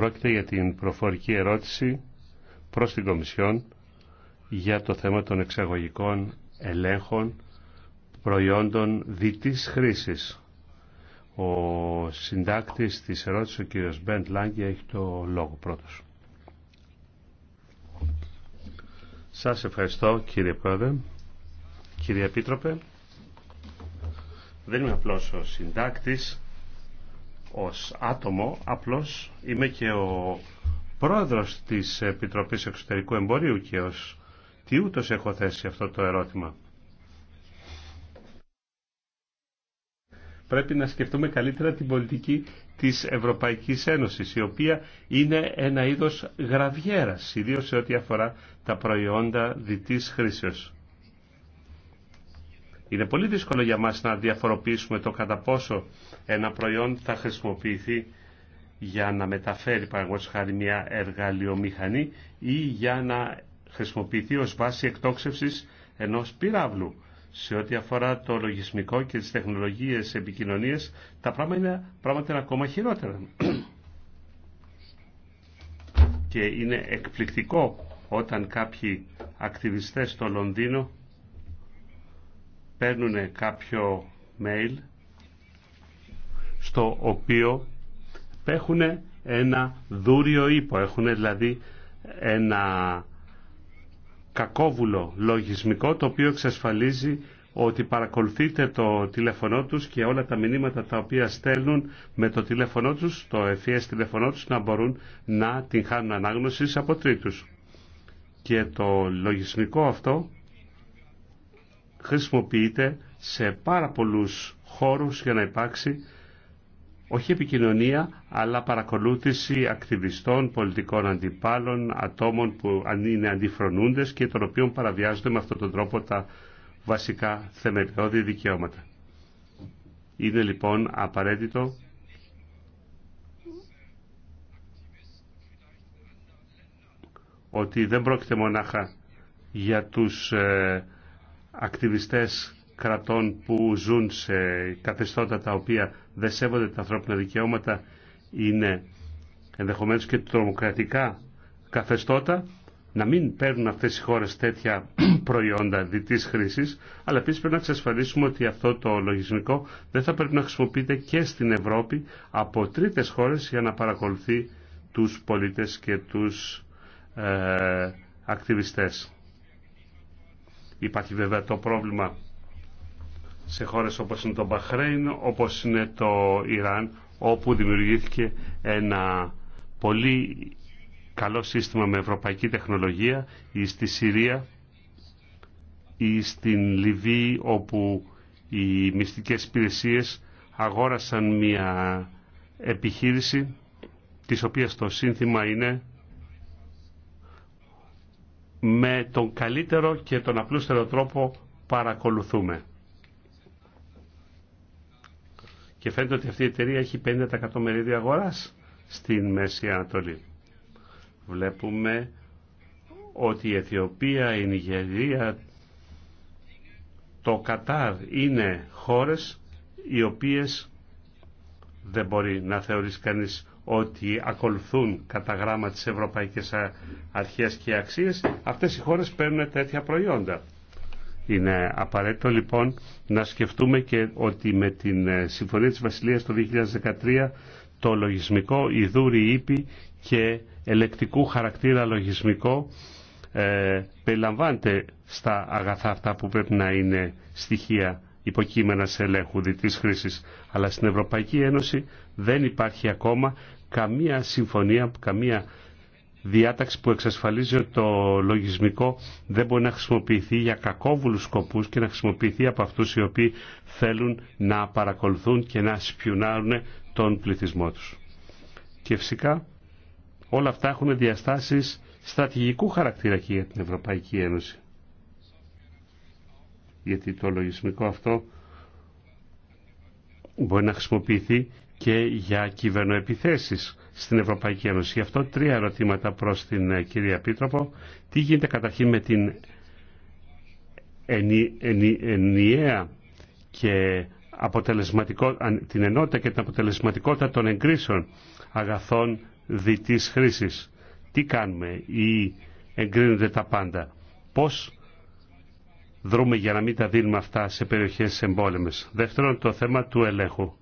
Πρόκειται για την προφορική ερώτηση προς την Κομισιόν για το θέμα των εξαγωγικών ελέγχων προϊόντων διτής χρήσης. Ο συντάκτης της ερώτησης, ο κύριος Μπέντ Λάγκη, έχει το λόγο πρώτος. Σας ευχαριστώ κύριε Πρόεδρε, κύριε Επίτροπε. Δεν είμαι απλώς ο συντάκτης ως άτομο, απλώς είμαι και ο πρόεδρος της Επιτροπής Εξωτερικού Εμπορίου και ως τι ούτως έχω θέσει αυτό το ερώτημα. Πρέπει να σκεφτούμε καλύτερα την πολιτική της Ευρωπαϊκής Ένωσης, η οποία είναι ένα είδος γραβιέρας, ιδίως σε ό,τι αφορά τα προϊόντα δυτής χρήσεως. Είναι πολύ δύσκολο για μας να διαφοροποιήσουμε το κατά πόσο ένα προϊόν θα χρησιμοποιηθεί για να μεταφέρει παραγωγή χάρη μια εργαλειομηχανή ή για να χρησιμοποιηθεί ως βάση εκτόξευσης ενός πυράβλου. Σε ό,τι αφορά το λογισμικό και τις τεχνολογίες επικοινωνίες, τα πράγματα είναι, πράγματα είναι ακόμα χειρότερα. και είναι εκπληκτικό όταν κάποιοι ακτιβιστές στο Λονδίνο παίρνουν κάποιο mail στο οποίο έχουν ένα δούριο ύπο, έχουν δηλαδή ένα κακόβουλο λογισμικό το οποίο εξασφαλίζει ότι παρακολουθείτε το τηλέφωνό τους και όλα τα μηνύματα τα οποία στέλνουν με το τηλέφωνό τους, το ευφυές τηλέφωνό τους να μπορούν να την χάνουν ανάγνωση από τρίτους. Και το λογισμικό αυτό χρησιμοποιείται σε πάρα πολλούς χώρους για να υπάρξει όχι επικοινωνία, αλλά παρακολούθηση ακτιβιστών, πολιτικών αντιπάλων, ατόμων που είναι αντιφρονούντες και των οποίων παραβιάζονται με αυτόν τον τρόπο τα βασικά θεμελιώδη δικαιώματα. Είναι λοιπόν απαραίτητο ότι δεν πρόκειται μονάχα για τους ε, ακτιβιστές κρατών που ζουν σε καθεστώτα τα οποία δεν σέβονται τα ανθρώπινα δικαιώματα είναι ενδεχομένως και τρομοκρατικά καθεστώτα να μην παίρνουν αυτές οι χώρες τέτοια προϊόντα διτής χρήσης, αλλά επίσης πρέπει να εξασφαλίσουμε ότι αυτό το λογισμικό δεν θα πρέπει να χρησιμοποιείται και στην Ευρώπη από τρίτες χώρες για να παρακολουθεί τους πολίτες και τους ε, ακτιβιστές. Υπάρχει βέβαια το πρόβλημα σε χώρες όπως είναι το Μπαχρέιν, όπως είναι το Ιράν, όπου δημιουργήθηκε ένα πολύ καλό σύστημα με ευρωπαϊκή τεχνολογία ή στη Συρία ή στην Λιβύη όπου οι μυστικές υπηρεσίε αγόρασαν μια επιχείρηση της οποίας το σύνθημα είναι με τον καλύτερο και τον απλούστερο τρόπο παρακολουθούμε. Και φαίνεται ότι αυτή η εταιρεία έχει 50% μερίδιο αγοράς στην Μέση Ανατολή. Βλέπουμε ότι η Αιθιοπία, η Νιγερία, το Κατάρ είναι χώρες οι οποίες δεν μπορεί να θεωρήσει κανείς ότι ακολουθούν κατά γράμμα τις ευρωπαϊκές ε, αρχές και αξίες, αυτές οι χώρες παίρνουν τέτοια προϊόντα. Είναι απαραίτητο λοιπόν να σκεφτούμε και ότι με την ε, Συμφωνία της Βασιλείας το 2013 το λογισμικό ιδούρι ύπη και ελεκτικού χαρακτήρα λογισμικό ε, στα αγαθά αυτά που πρέπει να είναι στοιχεία υποκείμενα σε ελέγχου διτής χρήσης. Αλλά στην Ευρωπαϊκή Ένωση δεν υπάρχει ακόμα καμία συμφωνία, καμία διάταξη που εξασφαλίζει ότι το λογισμικό δεν μπορεί να χρησιμοποιηθεί για κακόβουλους σκοπούς και να χρησιμοποιηθεί από αυτούς οι οποίοι θέλουν να παρακολουθούν και να σπιουνάρουν τον πληθυσμό τους. Και φυσικά όλα αυτά έχουν διαστάσεις στρατηγικού χαρακτήρα και για την Ευρωπαϊκή Ένωση. Γιατί το λογισμικό αυτό μπορεί να χρησιμοποιηθεί και για κυβερνοεπιθέσεις στην Ευρωπαϊκή Ένωση. Γι' αυτό τρία ερωτήματα προς την ε, κυρία Πίτροπο. Τι γίνεται καταρχήν με την ενι, ενιαία και αποτελεσματικό, την ενότητα και την αποτελεσματικότητα των εγκρίσεων αγαθών διτής χρήσης. Τι κάνουμε ή εγκρίνονται τα πάντα. Πώς δρούμε για να μην τα δίνουμε αυτά σε περιοχές εμπόλεμες. Δεύτερον, το θέμα του ελέγχου.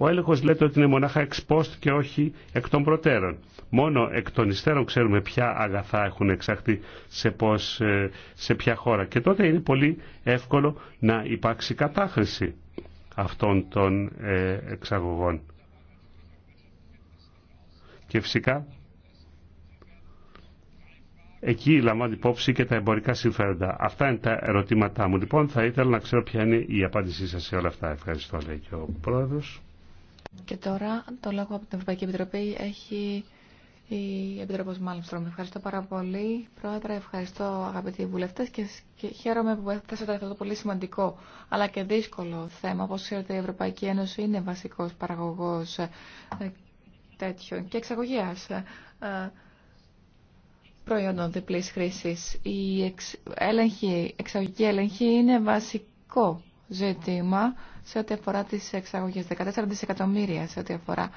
Ο έλεγχο λέτε ότι είναι μονάχα εξ και όχι εκ των προτέρων. Μόνο εκ των υστέρων ξέρουμε ποια αγαθά έχουν εξαχθεί σε, πώς, ε, σε ποια χώρα. Και τότε είναι πολύ εύκολο να υπάρξει κατάχρηση αυτών των ε, εξαγωγών. Και φυσικά Εκεί λαμβάνει υπόψη και τα εμπορικά συμφέροντα. Αυτά είναι τα ερωτήματά μου. Λοιπόν, θα ήθελα να ξέρω ποια είναι η απάντησή σας σε όλα αυτά. Ευχαριστώ, λέει και ο Πρόεδρος. Και τώρα το λόγο από την Ευρωπαϊκή Επιτροπή έχει η Επιτροπή Μάλμστρομ. Ευχαριστώ πάρα πολύ, Πρόεδρε. Ευχαριστώ, αγαπητοί βουλευτέ, και χαίρομαι που έθεσατε αυτό το πολύ σημαντικό αλλά και δύσκολο θέμα. Όπω ξέρετε, η Ευρωπαϊκή Ένωση είναι βασικό παραγωγό ε, τέτοιων και εξαγωγέα ε, ε, προϊόντων διπλή χρήση. Η εξ, έλεγχη, εξαγωγική έλεγχη είναι βασικό ζήτημα σε ό,τι αφορά τι εξαγωγές, 14 δισεκατομμύρια σε ό,τι αφορά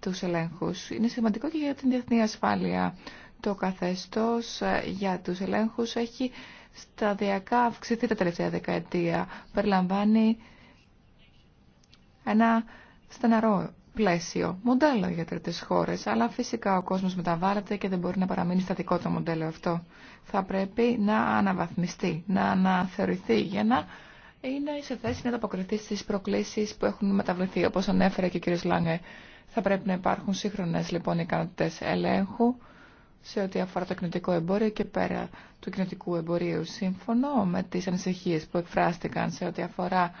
του ελέγχου. Είναι σημαντικό και για την διεθνή ασφάλεια. Το καθεστώς ε, για τους ελέγχου έχει σταδιακά αυξηθεί τα τελευταία δεκαετία. Περιλαμβάνει ένα στεναρό πλαίσιο, μοντέλο για τρίτες χώρες, αλλά φυσικά ο κόσμος μεταβάλλεται και δεν μπορεί να παραμείνει στατικό το μοντέλο αυτό. Θα πρέπει να αναβαθμιστεί, να αναθεωρηθεί για να είναι σε θέση να ανταποκριθεί στις προκλήσει που έχουν μεταβληθεί. όπω ανέφερε και ο κ. Λάγκε, θα πρέπει να υπάρχουν σύγχρονε λοιπόν ικανότητες ελέγχου σε ό,τι αφορά το κοινωτικό εμπόριο και πέρα του κοινωτικού εμπορίου. Σύμφωνο με τι ανησυχίε που εκφράστηκαν σε ό,τι αφορά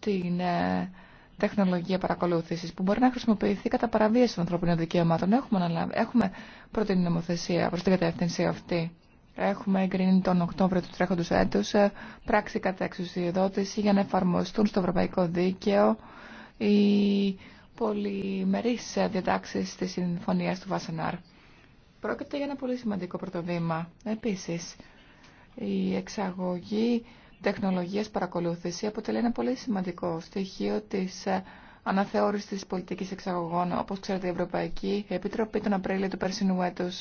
την ε, τεχνολογία παρακολούθηση που μπορεί να χρησιμοποιηθεί κατά παραβίαση των ανθρωπίνων δικαιωμάτων. Έχουμε, έχουμε προτείνει νομοθεσία προ την κατεύθυνση αυτή. Έχουμε εγκρίνει τον Οκτώβριο του τρέχοντος έτους ε, πράξη κατά εξουσιοδότηση για να εφαρμοστούν στο Ευρωπαϊκό Δίκαιο οι πολυμερείς ε, διατάξεις της Συμφωνίας του Βασανάρ. Πρόκειται για ένα πολύ σημαντικό πρωτοβήμα. Επίσης, η εξαγωγή τεχνολογίας παρακολούθηση αποτελεί ένα πολύ σημαντικό στοιχείο της ε, αναθεώρησης της πολιτικής εξαγωγών. Όπως ξέρετε, η Ευρωπαϊκή Επιτροπή τον Απρίλιο του περσινού έτους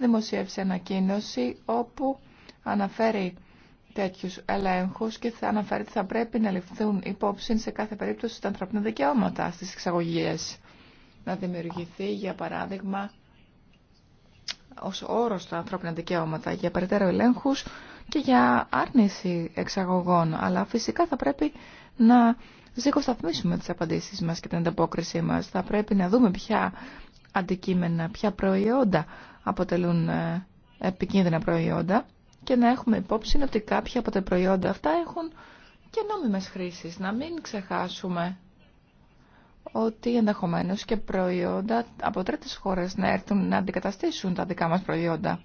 δημοσίευσε ανακοίνωση όπου αναφέρει τέτοιους ελέγχους και θα αναφέρει ότι θα πρέπει να ληφθούν υπόψη σε κάθε περίπτωση τα ανθρώπινα δικαιώματα στις εξαγωγίες. Να δημιουργηθεί, για παράδειγμα, ως όρος τα ανθρώπινα δικαιώματα για περαιτέρω ελέγχους και για άρνηση εξαγωγών. Αλλά φυσικά θα πρέπει να ζυγοσταθμίσουμε τις απαντήσεις μας και την ανταπόκριση μας. Θα πρέπει να δούμε ποια αντικείμενα, ποια προϊόντα αποτελούν ε, επικίνδυνα προϊόντα και να έχουμε υπόψη ότι κάποια από τα προϊόντα αυτά έχουν και νόμιμες χρήσεις. Να μην ξεχάσουμε ότι ενδεχομένως και προϊόντα από τρίτες χώρες να έρθουν να αντικαταστήσουν τα δικά μας προϊόντα.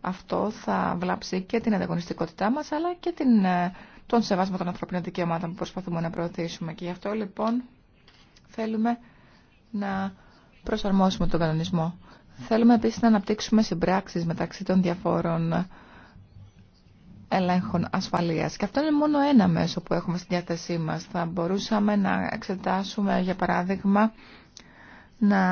Αυτό θα βλάψει και την ανταγωνιστικότητά μας αλλά και την, ε, τον σεβασμό των ανθρωπίνων δικαιωμάτων που προσπαθούμε να προωθήσουμε. Και γι' αυτό λοιπόν θέλουμε να προσαρμόσουμε τον κανονισμό Θέλουμε επίσης να αναπτύξουμε συμπράξεις μεταξύ των διαφόρων ελέγχων ασφαλείας. Και αυτό είναι μόνο ένα μέσο που έχουμε στη διάθεσή μας. Θα μπορούσαμε να εξετάσουμε, για παράδειγμα, να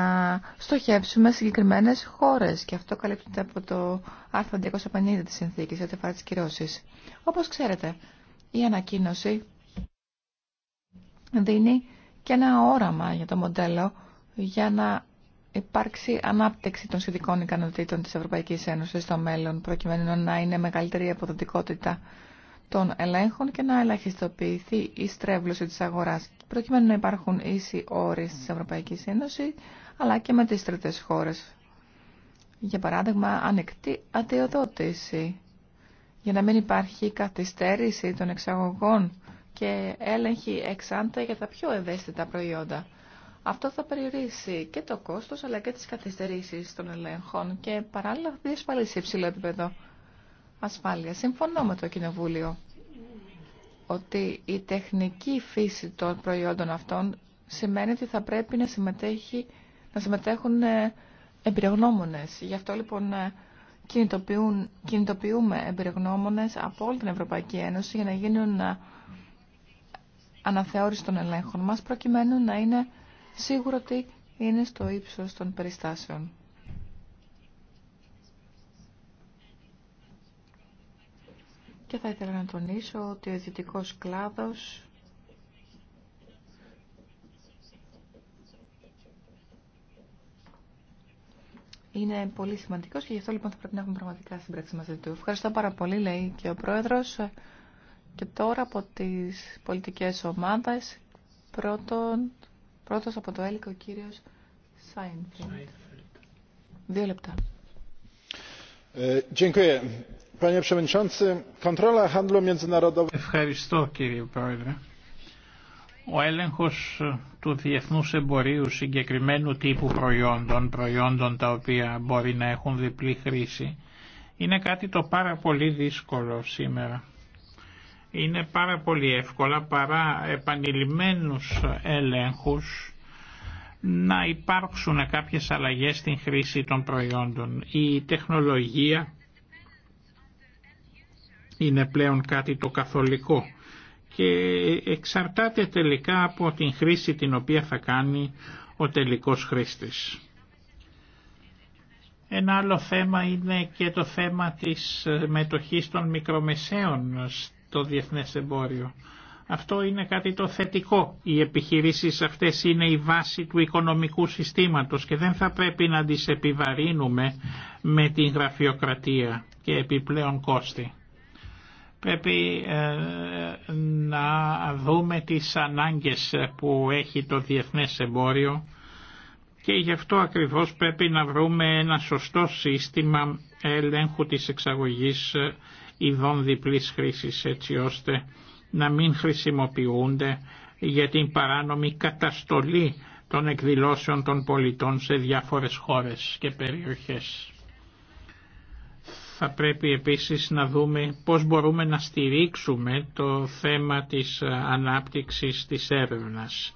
στοχεύσουμε συγκεκριμένες χώρες. Και αυτό καλύπτεται από το άρθρο 250 της συνθήκης, ό,τι φάση της κυρώσης. Όπως ξέρετε, η ανακοίνωση δίνει και ένα όραμα για το μοντέλο για να υπάρξει ανάπτυξη των σχετικών ικανοτήτων της Ευρωπαϊκής Ένωσης στο μέλλον, προκειμένου να είναι μεγαλύτερη η αποδοτικότητα των ελέγχων και να ελαχιστοποιηθεί η στρέβλωση της αγοράς, προκειμένου να υπάρχουν ίσοι όροι της Ευρωπαϊκής Ένωσης, αλλά και με τις τρίτες χώρες. Για παράδειγμα, ανεκτή αδειοδότηση, για να μην υπάρχει καθυστέρηση των εξαγωγών και έλεγχη εξάντα για τα πιο ευαίσθητα προϊόντα. Αυτό θα περιορίσει και το κόστος αλλά και τις καθυστερήσεις των ελέγχων και παράλληλα θα διασφαλίσει υψηλό επίπεδο ασφάλεια. Συμφωνώ με το Κοινοβούλιο ότι η τεχνική φύση των προϊόντων αυτών σημαίνει ότι θα πρέπει να, συμμετέχει, να συμμετέχουν ε, εμπειρογνώμονες. Γι' αυτό λοιπόν ε, κινητοποιούμε εμπειρογνώμονες από όλη την Ευρωπαϊκή Ένωση για να γίνουν ε, αναθεώρηση των ελέγχων μας προκειμένου να είναι σίγουρο ότι είναι στο ύψος των περιστάσεων. Και θα ήθελα να τονίσω ότι ο εθνικός κλάδος είναι πολύ σημαντικό και γι' αυτό λοιπόν θα πρέπει να έχουμε πραγματικά συμπράξη μαζί του. Ευχαριστώ πάρα πολύ, λέει και ο πρόεδρο. Και τώρα από τι πολιτικέ ομάδε, πρώτον Πρώτος από το έλεγχο, ο κύριος Σάινφελτ. Δύο λεπτά. Ε, Ευχαριστώ κύριε Πρόεδρε. Ο έλεγχος του διεθνούς εμπορίου συγκεκριμένου τύπου προϊόντων, προϊόντων τα οποία μπορεί να έχουν διπλή χρήση, είναι κάτι το πάρα πολύ δύσκολο σήμερα είναι πάρα πολύ εύκολα παρά επανειλημμένους έλεγχους να υπάρξουν κάποιες αλλαγές στην χρήση των προϊόντων. Η τεχνολογία είναι πλέον κάτι το καθολικό και εξαρτάται τελικά από την χρήση την οποία θα κάνει ο τελικός χρήστης. Ένα άλλο θέμα είναι και το θέμα της μετοχής των μικρομεσαίων το διεθνές εμπόριο. Αυτό είναι κάτι το θετικό. Οι επιχειρήσεις αυτές είναι η βάση του οικονομικού συστήματος και δεν θα πρέπει να τις επιβαρύνουμε με την γραφειοκρατία και επιπλέον κόστη. Πρέπει ε, να δούμε τις ανάγκες που έχει το διεθνές εμπόριο και γι' αυτό ακριβώς πρέπει να βρούμε ένα σωστό σύστημα ελέγχου της εξαγωγής ειδών διπλής χρήσης έτσι ώστε να μην χρησιμοποιούνται για την παράνομη καταστολή των εκδηλώσεων των πολιτών σε διάφορες χώρες και περιοχές. Θα πρέπει επίσης να δούμε πώς μπορούμε να στηρίξουμε το θέμα της ανάπτυξης της έρευνας.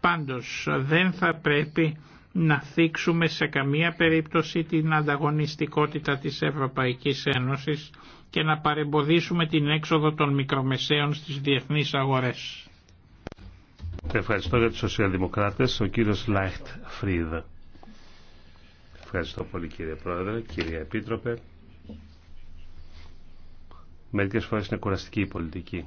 Πάντως δεν θα πρέπει να θίξουμε σε καμία περίπτωση την ανταγωνιστικότητα της Ευρωπαϊκής Ένωσης και να παρεμποδίσουμε την έξοδο των μικρομεσαίων στις διεθνείς αγορές. Ευχαριστώ για τους σοσιαλδημοκράτες, ο κύριος Λάιχτ Φρίδ. Ευχαριστώ πολύ κύριε Πρόεδρε, κύριε Επίτροπε. Μερικές φορές είναι κουραστική η πολιτική.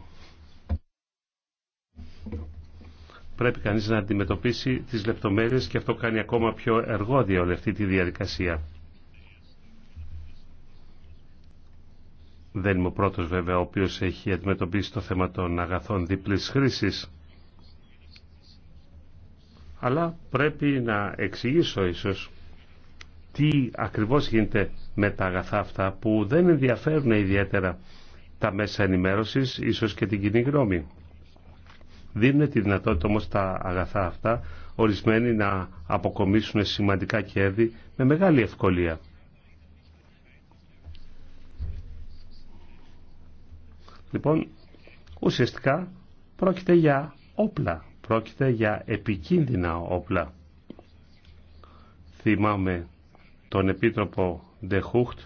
Πρέπει κανείς να αντιμετωπίσει τις λεπτομέρειες και αυτό κάνει ακόμα πιο εργόδια όλη αυτή τη διαδικασία. Δεν είμαι ο πρώτος βέβαια ο οποίος έχει αντιμετωπίσει το θέμα των αγαθών διπλής χρήσης. Αλλά πρέπει να εξηγήσω ίσως τι ακριβώς γίνεται με τα αγαθά αυτά που δεν ενδιαφέρουν ιδιαίτερα τα μέσα ενημέρωσης, ίσως και την κοινή γνώμη. Δίνουν τη δυνατότητα όμως τα αγαθά αυτά ορισμένοι να αποκομίσουν σημαντικά κέρδη με μεγάλη ευκολία. Λοιπόν, ουσιαστικά πρόκειται για όπλα, πρόκειται για επικίνδυνα όπλα. Θυμάμαι τον Επίτροπο Ντεχούχτ,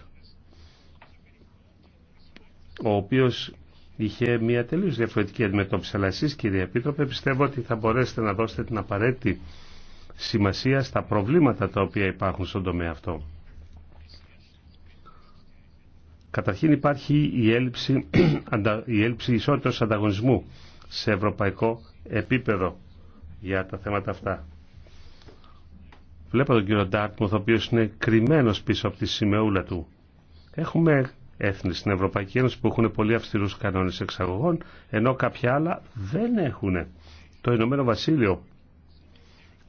ο οποίος είχε μια τελείως διαφορετική αντιμετώπιση. Αλλά εσείς κύριε Επίτροπε πιστεύω ότι θα μπορέσετε να δώσετε την απαραίτητη σημασία στα προβλήματα τα οποία υπάρχουν στον τομέα αυτό. Καταρχήν υπάρχει η έλλειψη, η έλλειψη ισότητας ανταγωνισμού σε ευρωπαϊκό επίπεδο για τα θέματα αυτά. Βλέπω τον κύριο Ντάρτμουθ, ο οποίο είναι κρυμμένος πίσω από τη σημεούλα του. Έχουμε έθνη στην Ευρωπαϊκή Ένωση που έχουν πολύ αυστηρούς κανόνες εξαγωγών, ενώ κάποια άλλα δεν έχουν. Το Ηνωμένο Βασίλειο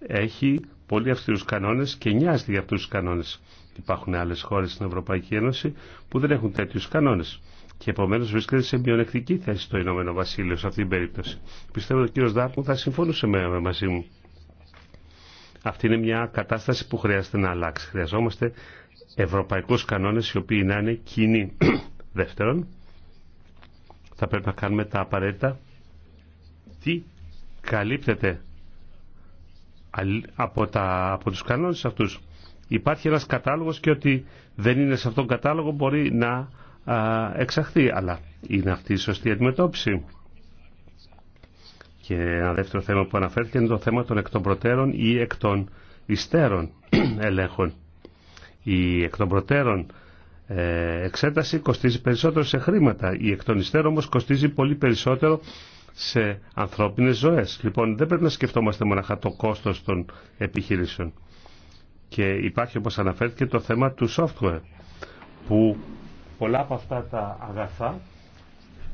έχει πολύ αυστηρούς κανόνες και νοιάζεται για αυτούς τους κανόνες. Υπάρχουν άλλε χώρε στην Ευρωπαϊκή Ένωση που δεν έχουν τέτοιου κανόνε. Και επομένω βρίσκεται σε μειονεκτική θέση το Ηνωμένο Βασίλειο σε αυτήν την περίπτωση. Πιστεύω ότι ο κύριο Δάρκου θα συμφωνούσε με, μαζί μου. Αυτή είναι μια κατάσταση που χρειάζεται να αλλάξει. Χρειαζόμαστε ευρωπαϊκού κανόνε οι οποίοι να είναι κοινοί. Δεύτερον, θα πρέπει να κάνουμε τα απαραίτητα. Τι καλύπτεται από, τα, από τους κανόνες αυτούς υπάρχει ένας κατάλογος και ότι δεν είναι σε αυτόν τον κατάλογο μπορεί να εξαχθεί. Αλλά είναι αυτή η σωστή αντιμετώπιση. Και ένα δεύτερο θέμα που αναφέρθηκε είναι το θέμα των εκ των προτέρων ή εκ των υστέρων ελέγχων. Η εκ των προτέρων ε, εξέταση κοστίζει περισσότερο σε χρήματα. Η εκ των υστέρων όμως κοστίζει πολύ περισσότερο σε ανθρώπινες ζωές. Λοιπόν, δεν πρέπει να σκεφτόμαστε μοναχα το κόστος των επιχειρήσεων. Και υπάρχει όπως αναφέρθηκε το θέμα του software που πολλά από αυτά τα αγαθά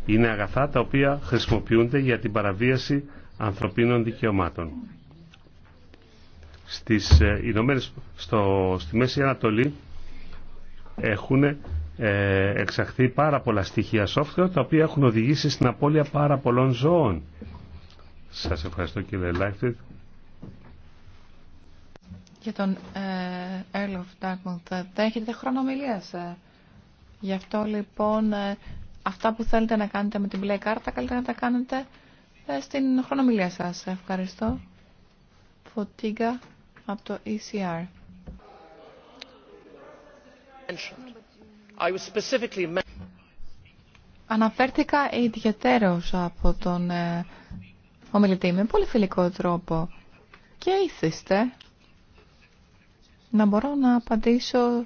είναι αγαθά τα οποία χρησιμοποιούνται για την παραβίαση ανθρωπίνων δικαιωμάτων. Στις ε, Ηνωμένες, στο, στη Μέση Ανατολή έχουν ε, εξαχθεί πάρα πολλά στοιχεία software τα οποία έχουν οδηγήσει στην απώλεια πάρα πολλών ζώων. Σας ευχαριστώ κύριε Λάιφτιτ για τον ε, Earl of Dartmouth έχετε χρόνο ομιλίας. Ε. Γι' αυτό λοιπόν ε, αυτά που θέλετε να κάνετε με την μπλε κάρτα καλύτερα να τα κάνετε στην χρονομιλία σας. Ευχαριστώ. Φωτίγκα από το ECR. I was Αναφέρθηκα ιδιαίτερω από τον ομιλητή με πολύ φιλικό τρόπο και ήθιστε να μπορώ να απαντήσω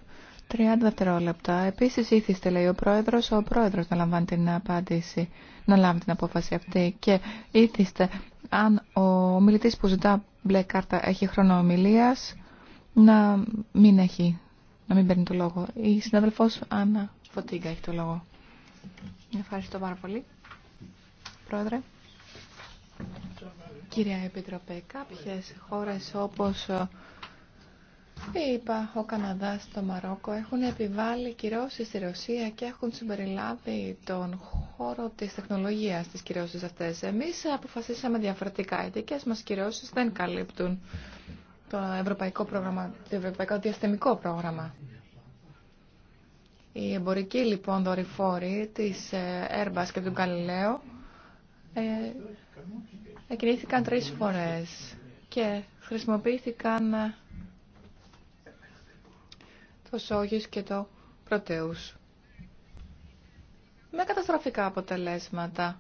30 δευτερόλεπτα. Επίσης ήθιστε, λέει ο πρόεδρος, ο πρόεδρος να λαμβάνει την απάντηση, να λάβει την απόφαση αυτή. Και ήθιστε, αν ο μιλητής που ζητά μπλε κάρτα έχει χρόνο ομιλίας, να μην έχει, να μην παίρνει το λόγο. Η συνάδελφος Άννα Φωτίγκα έχει το λόγο. Ευχαριστώ πάρα πολύ. Πρόεδρε. Κυρία Επιτροπέ, κάποιες χώρες όπως είπα, ο Καναδάς το Μαρόκο έχουν επιβάλει κυρώσεις στη Ρωσία και έχουν συμπεριλάβει τον χώρο της τεχνολογίας στις κυρώσεις αυτές. Εμείς αποφασίσαμε διαφορετικά. Οι δικές μας κυρώσεις δεν καλύπτουν το ευρωπαϊκό, πρόγραμμα, το ευρωπαϊκό διαστημικό πρόγραμμα. Οι εμπορικοί λοιπόν δορυφόροι της ε, Airbus και του Galileo ε, εκινήθηκαν τρεις φορές και χρησιμοποιήθηκαν το Σόγιος και το Πρωτέους. Με καταστροφικά αποτελέσματα.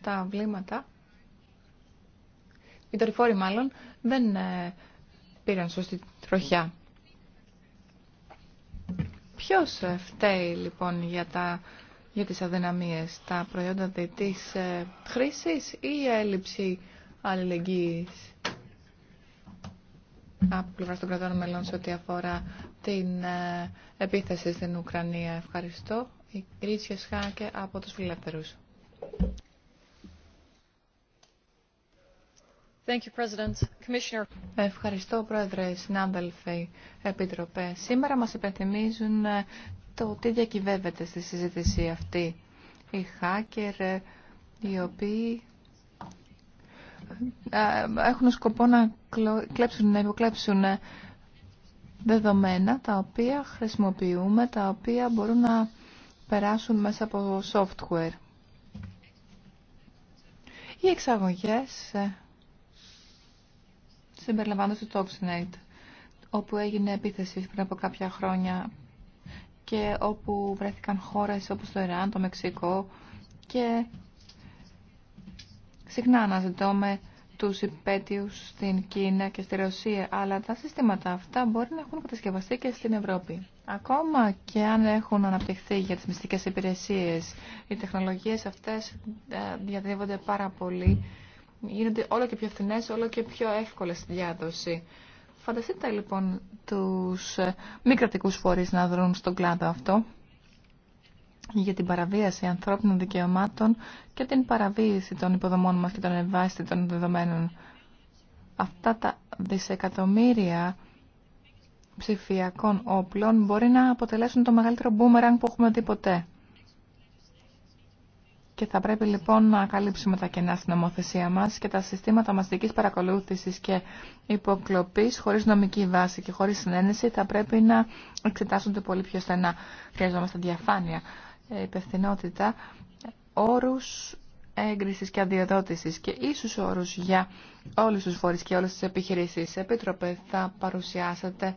Τα βλήματα οι δορυφόροι μάλλον, δεν ε, πήραν σωστή τροχιά. Ποιος ε, φταίει λοιπόν για, τα, για τις αδυναμίες, τα προϊόντα της ε, χρήσης ή η έλλειψη αλληλεγγύης από πλευρά των κρατών μελών σε ό,τι αφορά την ε, επίθεση στην Ουκρανία. Ευχαριστώ. Η Ρίτσια Σχάκε από τους Φιλελεύθερους. Ευχαριστώ, Πρόεδρε, συνάδελφοι, Επίτροπε. Σήμερα μας υπενθυμίζουν ε, το τι διακυβεύεται στη συζήτηση αυτή. Οι hacker, ε, οι οποίοι ε, έχουν σκοπό να κλέψουν, να υποκλέψουν ε, δεδομένα τα οποία χρησιμοποιούμε, τα οποία μπορούν να περάσουν μέσα από software. Οι εξαγωγές ε, συμπεριλαμβάνονται στο Toxnet, όπου έγινε επίθεση πριν από κάποια χρόνια και όπου βρέθηκαν χώρες όπως το Ιράν, το Μεξικό και Συχνά αναζητώμε τους υπέτειους στην Κίνα και στη Ρωσία, αλλά τα συστήματα αυτά μπορεί να έχουν κατασκευαστεί και στην Ευρώπη. Ακόμα και αν έχουν αναπτυχθεί για τις μυστικές υπηρεσίες, οι τεχνολογίες αυτές ε, διαδεύονται πάρα πολύ, γίνονται όλο και πιο φθηνές, όλο και πιο εύκολες στη διάδοση. Φανταστείτε λοιπόν τους ε, μη κρατικούς φορείς να δρουν στον κλάδο αυτό για την παραβίαση ανθρώπινων δικαιωμάτων και την παραβίαση των υποδομών μας και των ευάστητων δεδομένων. Αυτά τα δισεκατομμύρια ψηφιακών όπλων μπορεί να αποτελέσουν το μεγαλύτερο μπούμερανγκ που έχουμε δει ποτέ. Και θα πρέπει λοιπόν να καλύψουμε τα κενά στην νομοθεσία μας και τα συστήματα μαστικής παρακολούθησης και υποκλοπής χωρίς νομική βάση και χωρίς συνένεση θα πρέπει να εξετάσονται πολύ πιο στενά. Χρειαζόμαστε διαφάνεια. Ε, υπευθυνότητα όρους έγκρισης και αδειοδότησης και ίσους όρους για όλους τους φορείς και όλες τις επιχειρήσεις. Επίτροπε, θα παρουσιάσετε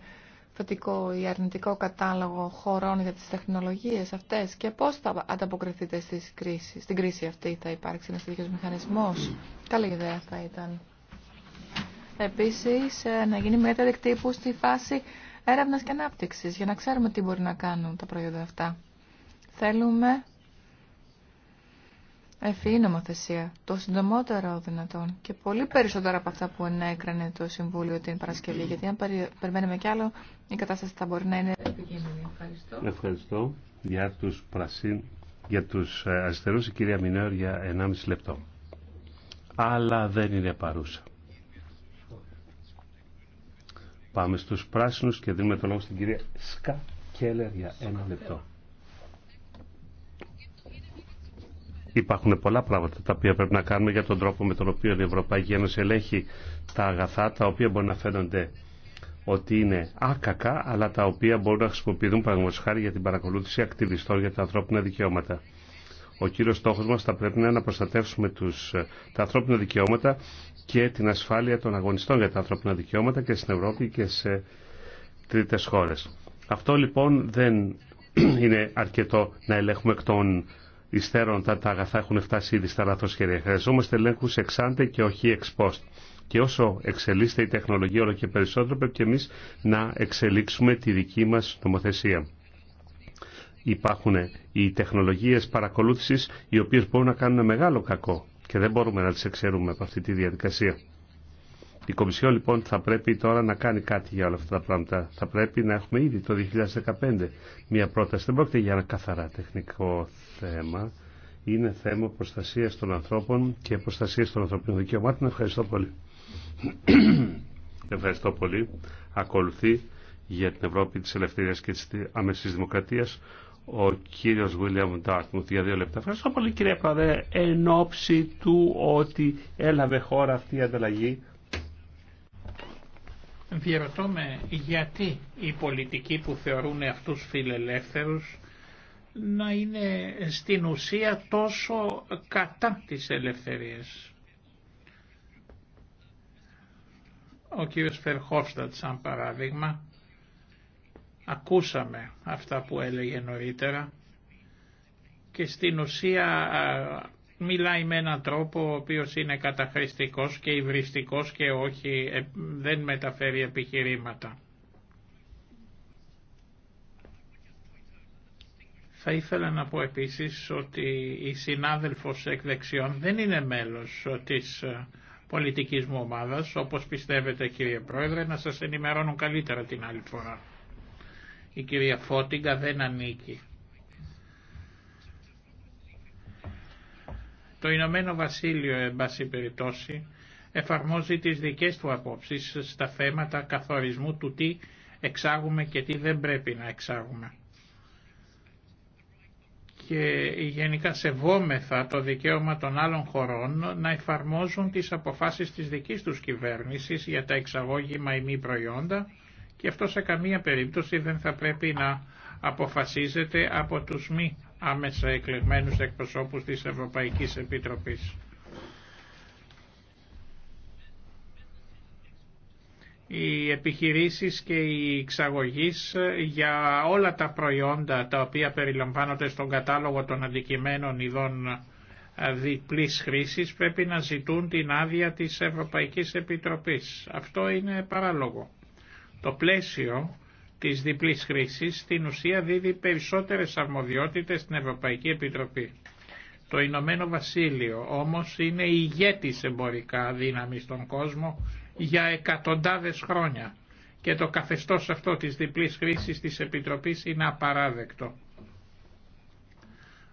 θετικό ή αρνητικό κατάλογο χωρών για τις τεχνολογίες αυτές και πώς θα ανταποκριθείτε στις κρίσεις. στην κρίση αυτή θα υπάρξει ένας τέτοιος μηχανισμός. Καλή ιδέα θα ήταν. Επίσης, ε, να γίνει μέτρα εκτύπου στη φάση έρευνας και ανάπτυξης για να ξέρουμε τι μπορεί να κάνουν τα προϊόντα αυτά θέλουμε ευφυή νομοθεσία, το συντομότερο δυνατόν και πολύ περισσότερα από αυτά που ενέκρανε το Συμβούλιο την Παρασκευή, γιατί αν περιμένουμε κι άλλο η κατάσταση θα μπορεί να είναι επικίνδυνη. Ευχαριστώ. Ευχαριστώ για τους, πρασίν, για τους ε, αριστερούς η κυρία Μινέωρ για 1,5 λεπτό. Αλλά δεν είναι παρούσα. Πάμε στους πράσινους και δίνουμε το λόγο στην κυρία Σκα Κέλλερ για ένα λεπτό. Υπάρχουν πολλά πράγματα τα οποία πρέπει να κάνουμε για τον τρόπο με τον οποίο η Ευρωπαϊκή Ένωση ελέγχει τα αγαθά τα οποία μπορεί να φαίνονται ότι είναι άκακα αλλά τα οποία μπορούν να χρησιμοποιηθούν παραδείγματος χάρη για την παρακολούθηση ακτιβιστών για τα ανθρώπινα δικαιώματα. Ο κύριος στόχος μας θα πρέπει να είναι να προστατεύσουμε τους, ε, τα ανθρώπινα δικαιώματα και την ασφάλεια των αγωνιστών για τα ανθρώπινα δικαιώματα και στην Ευρώπη και σε τρίτες χώρες. Αυτό λοιπόν δεν είναι αρκετό να ελέγχουμε εκ των υστέρων τα, τα αγαθά έχουν φτάσει ήδη στα λάθο χέρια. Χρειαζόμαστε ελέγχου εξάντε και όχι εξ Και όσο εξελίσσεται η τεχνολογία όλο και περισσότερο πρέπει και εμεί να εξελίξουμε τη δική μα νομοθεσία. Υπάρχουν οι τεχνολογίες παρακολούθησης οι οποίες μπορούν να κάνουν μεγάλο κακό και δεν μπορούμε να τις εξαιρούμε από αυτή τη διαδικασία. Η Κομισιόν λοιπόν θα πρέπει τώρα να κάνει κάτι για όλα αυτά τα πράγματα. Θα πρέπει να έχουμε ήδη το 2015 μια πρόταση. Δεν πρόκειται για ένα καθαρά τεχνικό θέμα είναι θέμα προστασίας των ανθρώπων και προστασίας των ανθρωπίνων δικαιωμάτων. Ευχαριστώ πολύ. Ευχαριστώ πολύ. Ακολουθεί για την Ευρώπη της Ελευθερίας και της Αμεσής Δημοκρατίας ο κύριος Βίλιαμ Ντάρτμουθ για δύο λεπτά. Ευχαριστώ πολύ κύριε Παδέ εν ώψη του ότι έλαβε χώρα αυτή η ανταλλαγή. Διερωτώ με γιατί οι πολιτικοί που θεωρούν αυτούς φιλελεύθερους να είναι στην ουσία τόσο κατά της ελευθερίας. Ο κύριος Φερχόφστατ σαν παράδειγμα, ακούσαμε αυτά που έλεγε νωρίτερα και στην ουσία μιλάει με έναν τρόπο ο οποίος είναι καταχρηστικός και υβριστικός και όχι ε, δεν μεταφέρει επιχειρήματα. Θα ήθελα να πω επίσης ότι η συνάδελφος εκ δεξιών δεν είναι μέλος της ε, πολιτικής μου ομάδας, όπως πιστεύετε κύριε Πρόεδρε, να σας ενημερώνω καλύτερα την άλλη φορά. Η κυρία Φώτιγκα δεν ανήκει. Το Ηνωμένο Βασίλειο, εν πάση περιπτώσει, εφαρμόζει τις δικές του απόψεις στα θέματα καθορισμού του τι εξάγουμε και τι δεν πρέπει να εξάγουμε και γενικά σεβόμεθα το δικαίωμα των άλλων χωρών να εφαρμόζουν τις αποφάσεις της δικής τους κυβέρνησης για τα εξαγώγημα ή μη προϊόντα και αυτό σε καμία περίπτωση δεν θα πρέπει να αποφασίζεται από τους μη άμεσα εκλεγμένους εκπροσώπους της Ευρωπαϊκής Επιτροπής. οι επιχειρήσεις και οι εξαγωγείς για όλα τα προϊόντα τα οποία περιλαμβάνονται στον κατάλογο των αντικειμένων ειδών ε, διπλής χρήσης πρέπει να ζητούν την άδεια της Ευρωπαϊκής Επιτροπής. Αυτό είναι παράλογο. Το πλαίσιο της διπλής χρήσης στην ουσία δίδει περισσότερες αρμοδιότητες στην Ευρωπαϊκή Επιτροπή. Το Ηνωμένο Βασίλειο όμως είναι ηγέτης εμπορικά δύναμη στον κόσμο για εκατοντάδες χρόνια και το καθεστώς αυτό της διπλής χρήσης της Επιτροπής είναι απαράδεκτο.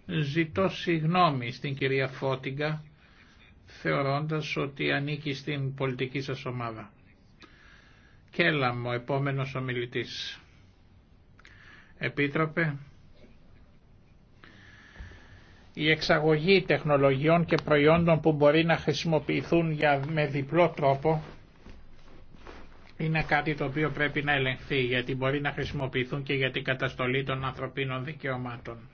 Ζητώ συγνώμη στην κυρία Φώτιγκα θεωρώντας ότι ανήκει στην πολιτική σας ομάδα. μου, επόμενος ομιλητής. Επίτροπε, η εξαγωγή τεχνολογιών και προϊόντων που μπορεί να χρησιμοποιηθούν για, με διπλό τρόπο είναι κάτι το οποίο πρέπει να ελεγχθεί γιατί μπορεί να χρησιμοποιηθούν και για την καταστολή των ανθρωπίνων δικαιωμάτων.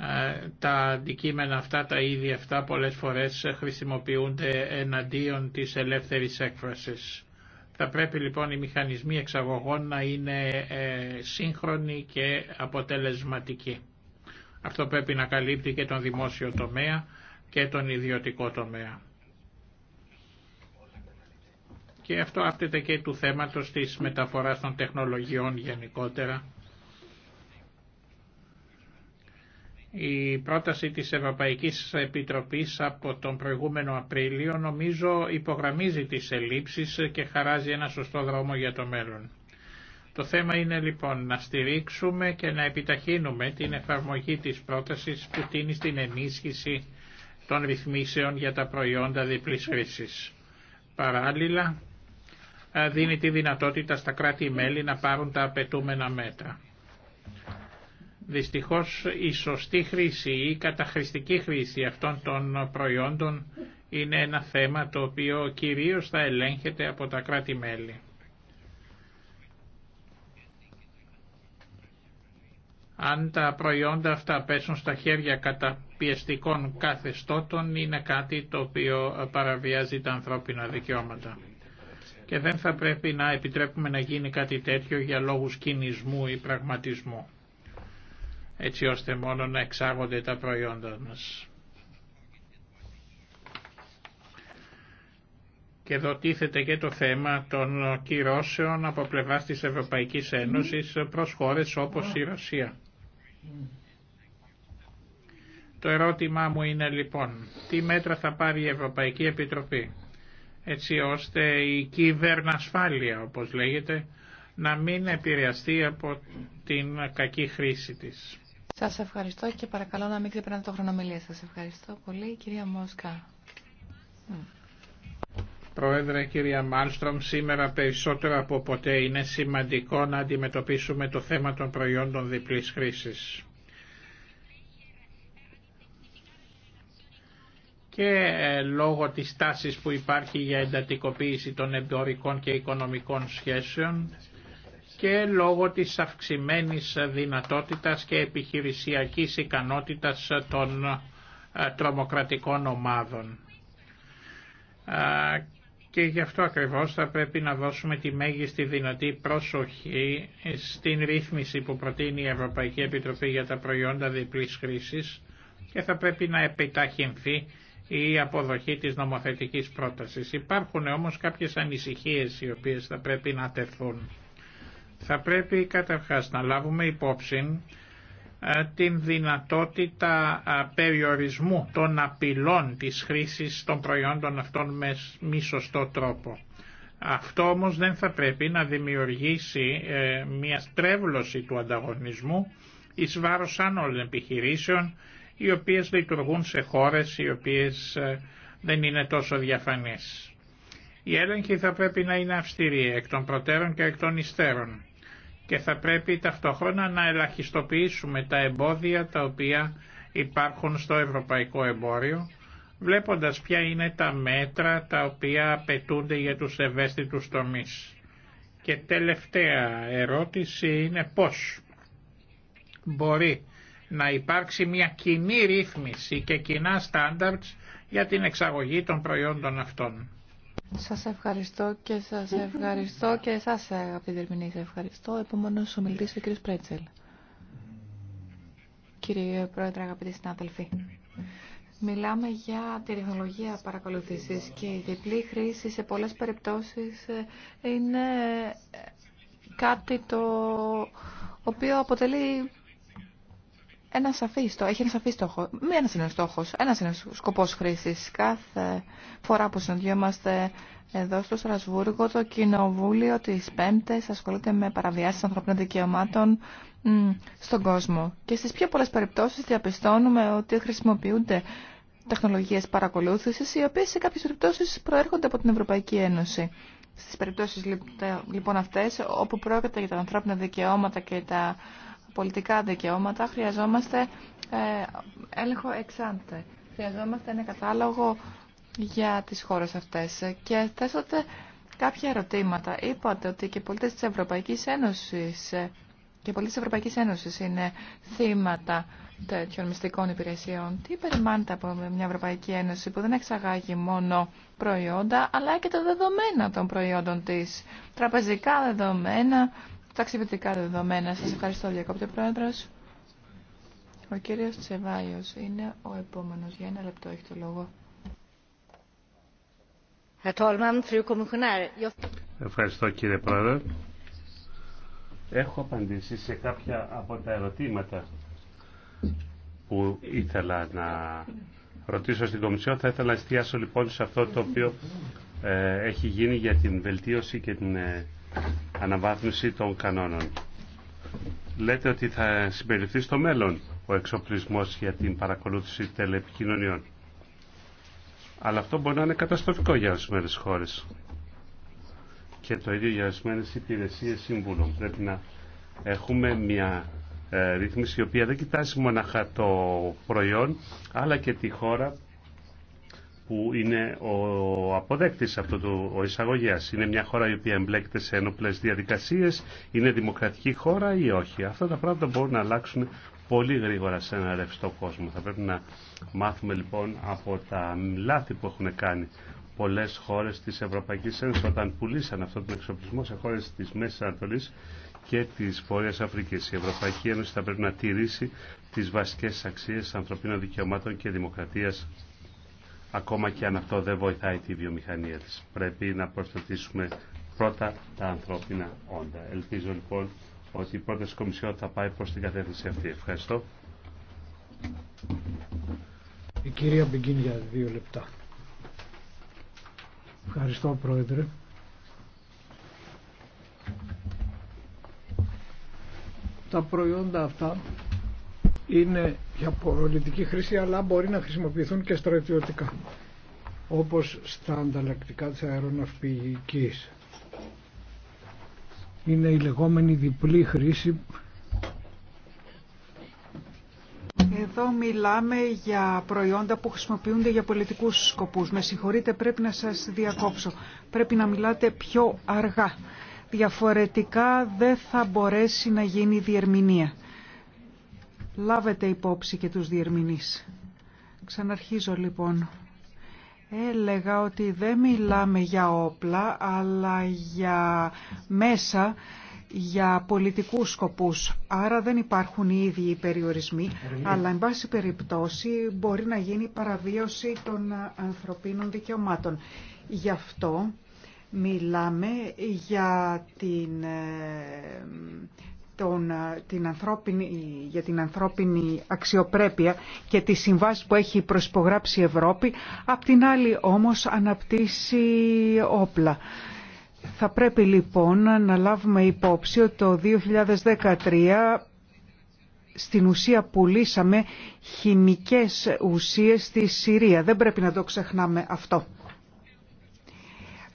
Ε, τα αντικείμενα αυτά, τα ίδια αυτά πολλές φορές χρησιμοποιούνται εναντίον της ελεύθερης έκφρασης. Θα πρέπει λοιπόν οι μηχανισμοί εξαγωγών να είναι ε, σύγχρονοι και αποτελεσματικοί. Αυτό πρέπει να καλύπτει και τον δημόσιο τομέα και τον ιδιωτικό τομέα. Και αυτό άπτεται και του θέματος της μεταφοράς των τεχνολογιών γενικότερα. Η πρόταση της Ευρωπαϊκής Επιτροπής από τον προηγούμενο Απρίλιο νομίζω υπογραμμίζει τις ελλείψεις και χαράζει ένα σωστό δρόμο για το μέλλον. Το θέμα είναι λοιπόν να στηρίξουμε και να επιταχύνουμε την εφαρμογή της πρότασης που τίνει στην ενίσχυση των ρυθμίσεων για τα προϊόντα διπλής χρήσης. Παράλληλα, ε, δίνει τη δυνατότητα στα κράτη-μέλη να πάρουν τα απαιτούμενα μέτρα. Δυστυχώς η σωστή χρήση ή η καταχρηστική χρήση αυτών των προϊόντων είναι ένα θέμα το οποίο κυρίως θα ελέγχεται από τα κράτη-μέλη. Αν τα προϊόντα αυτά πέσουν στα χέρια καταπιεστικών καθεστώτων είναι κάτι το οποίο παραβιάζει τα ανθρώπινα δικαιώματα και δεν θα πρέπει να επιτρέπουμε να γίνει κάτι τέτοιο για λόγους κινησμού ή πραγματισμού έτσι ώστε μόνο να εξάγονται τα προϊόντα μας. Και εδώ και το θέμα των κυρώσεων από πλευράς της Ευρωπαϊκής Ένωσης προς χώρες όπως η Ρωσία. Το ερώτημά μου είναι λοιπόν, τι μέτρα θα πάρει η Ευρωπαϊκή Επιτροπή έτσι ώστε η ασφάλεια, όπως λέγεται να μην επηρεαστεί από την κακή χρήση της. Σας ευχαριστώ και παρακαλώ να μην ξεπερνάτε το χρονομιλία. Σας ευχαριστώ πολύ κυρία Μόσκα. Πρόεδρε, κυρία Μάλστρομ, σήμερα περισσότερο από ποτέ είναι σημαντικό να αντιμετωπίσουμε το θέμα των προϊόντων διπλής χρήσης. και ε, λόγω της τάσης που υπάρχει για εντατικοποίηση των εμπορικών και οικονομικών σχέσεων και λόγω της αυξημένης δυνατότητας και επιχειρησιακής ικανότητας των ε, τρομοκρατικών ομάδων. Και γι' αυτό ακριβώς θα πρέπει να δώσουμε τη μέγιστη δυνατή πρόσοχη στην ρύθμιση που προτείνει η Ευρωπαϊκή Επιτροπή για τα προϊόντα διπλής χρήσης και θα πρέπει να επιταχυνθεί η αποδοχή της νομοθετικής πρότασης. Υπάρχουν όμως κάποιες ανησυχίες οι οποίες θα πρέπει να τεθούν. Θα πρέπει καταρχάς να λάβουμε υπόψη ε, την δυνατότητα ε, περιορισμού των απειλών της χρήσης των προϊόντων αυτών με μη σωστό τρόπο. Αυτό όμως δεν θα πρέπει να δημιουργήσει ε, μια στρέβλωση του ανταγωνισμού εις βάρος ανώλων επιχειρήσεων οι οποίες λειτουργούν σε χώρες οι οποίες ε, δεν είναι τόσο διαφανείς. Η έλεγχοι θα πρέπει να είναι αυστηροί εκ των προτέρων και εκ των υστέρων και θα πρέπει ταυτόχρονα να ελαχιστοποιήσουμε τα εμπόδια τα οποία υπάρχουν στο ευρωπαϊκό εμπόριο, βλέποντας ποια είναι τα μέτρα τα οποία απαιτούνται για τους ευαίσθητους τομείς. Και τελευταία ερώτηση είναι πώς μπορεί να υπάρξει μια κοινή ρύθμιση και κοινά στάνταρτς για την εξαγωγή των προϊόντων αυτών. Σας ευχαριστώ και σας ευχαριστώ και εσάς αγαπητοί Δερμηνείς ευχαριστώ. Επομένως, ο μιλητής ο κ. Πρέτσελ. Κύριε Πρόεδρε, αγαπητοί συνάδελφοι. Μιλάμε για τη τεχνολογία παρακολουθήσεις και η διπλή χρήση σε πολλές περιπτώσεις ε, είναι κάτι το οποίο αποτελεί ένα σαφή στόχο, έχει ένα σαφή στόχο. ένας είναι ο στόχο, ένα είναι ο σκοπό χρήση. Κάθε φορά που συναντιόμαστε εδώ στο Στρασβούργο, το Κοινοβούλιο τη Πέμπτη ασχολείται με παραβιάσει ανθρωπίνων δικαιωμάτων στον κόσμο. Και στι πιο πολλέ περιπτώσει διαπιστώνουμε ότι χρησιμοποιούνται τεχνολογίε παρακολούθηση, οι οποίε σε κάποιε περιπτώσει προέρχονται από την Ευρωπαϊκή Ένωση. Στι περιπτώσει λοιπόν αυτέ, όπου πρόκειται για τα ανθρώπινα δικαιώματα και τα πολιτικά δικαιώματα χρειαζόμαστε ε, έλεγχο εξάντε. Χρειαζόμαστε ένα κατάλογο για τις χώρες αυτές. Και θέσατε κάποια ερωτήματα. Είπατε ότι και οι πολίτες της Ευρωπαϊκής Ένωσης ε, και οι πολίτες της Ευρωπαϊκής Ένωσης είναι θύματα τέτοιων μυστικών υπηρεσιών. Τι περιμένετε από μια Ευρωπαϊκή Ένωση που δεν εξαγάγει μόνο προϊόντα, αλλά και τα δεδομένα των προϊόντων της. Τραπεζικά δεδομένα, ταξιδιωτικά δεδομένα. Σας ευχαριστώ, Διακόπτη Πρόεδρος. Ο κύριος Τσεβάιος είναι ο επόμενος. Για ένα λεπτό έχει το λόγο. Ευχαριστώ κύριε Πρόεδρε. Έχω απαντήσει σε κάποια από τα ερωτήματα που ήθελα να ρωτήσω στην Κομισιόν. Θα ήθελα να εστιάσω λοιπόν σε αυτό το οποίο ε, έχει γίνει για την βελτίωση και την ε, αναβάθμιση των κανόνων. Λέτε ότι θα συμπεριληφθεί στο μέλλον ο εξοπλισμός για την παρακολούθηση τελεπικοινωνιών. Αλλά αυτό μπορεί να είναι καταστροφικό για ορισμένε χώρε. Και το ίδιο για ορισμένε υπηρεσίε συμβούλων. Πρέπει να έχουμε μια ε, ρύθμιση η οποία δεν κοιτάζει μοναχά το προϊόν αλλά και τη χώρα που είναι ο αποδέκτης αυτού του ο εισαγωγέας. Είναι μια χώρα η οποία εμπλέκεται σε ένοπλες διαδικασίες, είναι δημοκρατική χώρα ή όχι. Αυτά τα πράγματα μπορούν να αλλάξουν πολύ γρήγορα σε ένα ρευστό κόσμο. Θα πρέπει να μάθουμε λοιπόν από τα λάθη που έχουν κάνει πολλές χώρες της Ευρωπαϊκής Ένωσης όταν πουλήσαν αυτόν τον εξοπλισμό σε χώρες της Μέσης Ανατολής και της Βόρειας Αφρικής. Η Ευρωπαϊκή Ένωση θα πρέπει να τηρήσει τι βασικέ αξίες ανθρωπίνων δικαιωμάτων και δημοκρατίας ακόμα και αν αυτό δεν βοηθάει τη βιομηχανία της. Πρέπει να προστατήσουμε πρώτα τα ανθρώπινα όντα. Ελπίζω λοιπόν ότι η πρόταση Κομισιόν θα πάει προς την κατεύθυνση αυτή. Ευχαριστώ. Η κυρία Μπιγκίν για δύο λεπτά. Ευχαριστώ Πρόεδρε. Τα προϊόντα αυτά είναι για πολιτική χρήση αλλά μπορεί να χρησιμοποιηθούν και στρατιωτικά όπως στα ανταλλακτικά της αεροναυπηγικής. Είναι η λεγόμενη διπλή χρήση. Εδώ μιλάμε για προϊόντα που χρησιμοποιούνται για πολιτικούς σκοπούς. Με συγχωρείτε πρέπει να σας διακόψω. Πρέπει να μιλάτε πιο αργά. Διαφορετικά δεν θα μπορέσει να γίνει διερμηνία λάβετε υπόψη και τους διερμηνείς. Ξαναρχίζω λοιπόν. Έλεγα ότι δεν μιλάμε για όπλα, αλλά για μέσα, για πολιτικούς σκοπούς. Άρα δεν υπάρχουν οι ίδιοι περιορισμοί, αλλά εν πάση περιπτώσει μπορεί να γίνει παραβίωση των ανθρωπίνων δικαιωμάτων. Γι' αυτό μιλάμε για την ε, τον, την ανθρώπινη, για την ανθρώπινη αξιοπρέπεια και τις συμβάσεις που έχει προσπογράψει η Ευρώπη, απ' την άλλη όμως αναπτύσσει όπλα. Θα πρέπει λοιπόν να λάβουμε υπόψη ότι το 2013 στην ουσία πουλήσαμε χημικές ουσίες στη Συρία. Δεν πρέπει να το ξεχνάμε αυτό.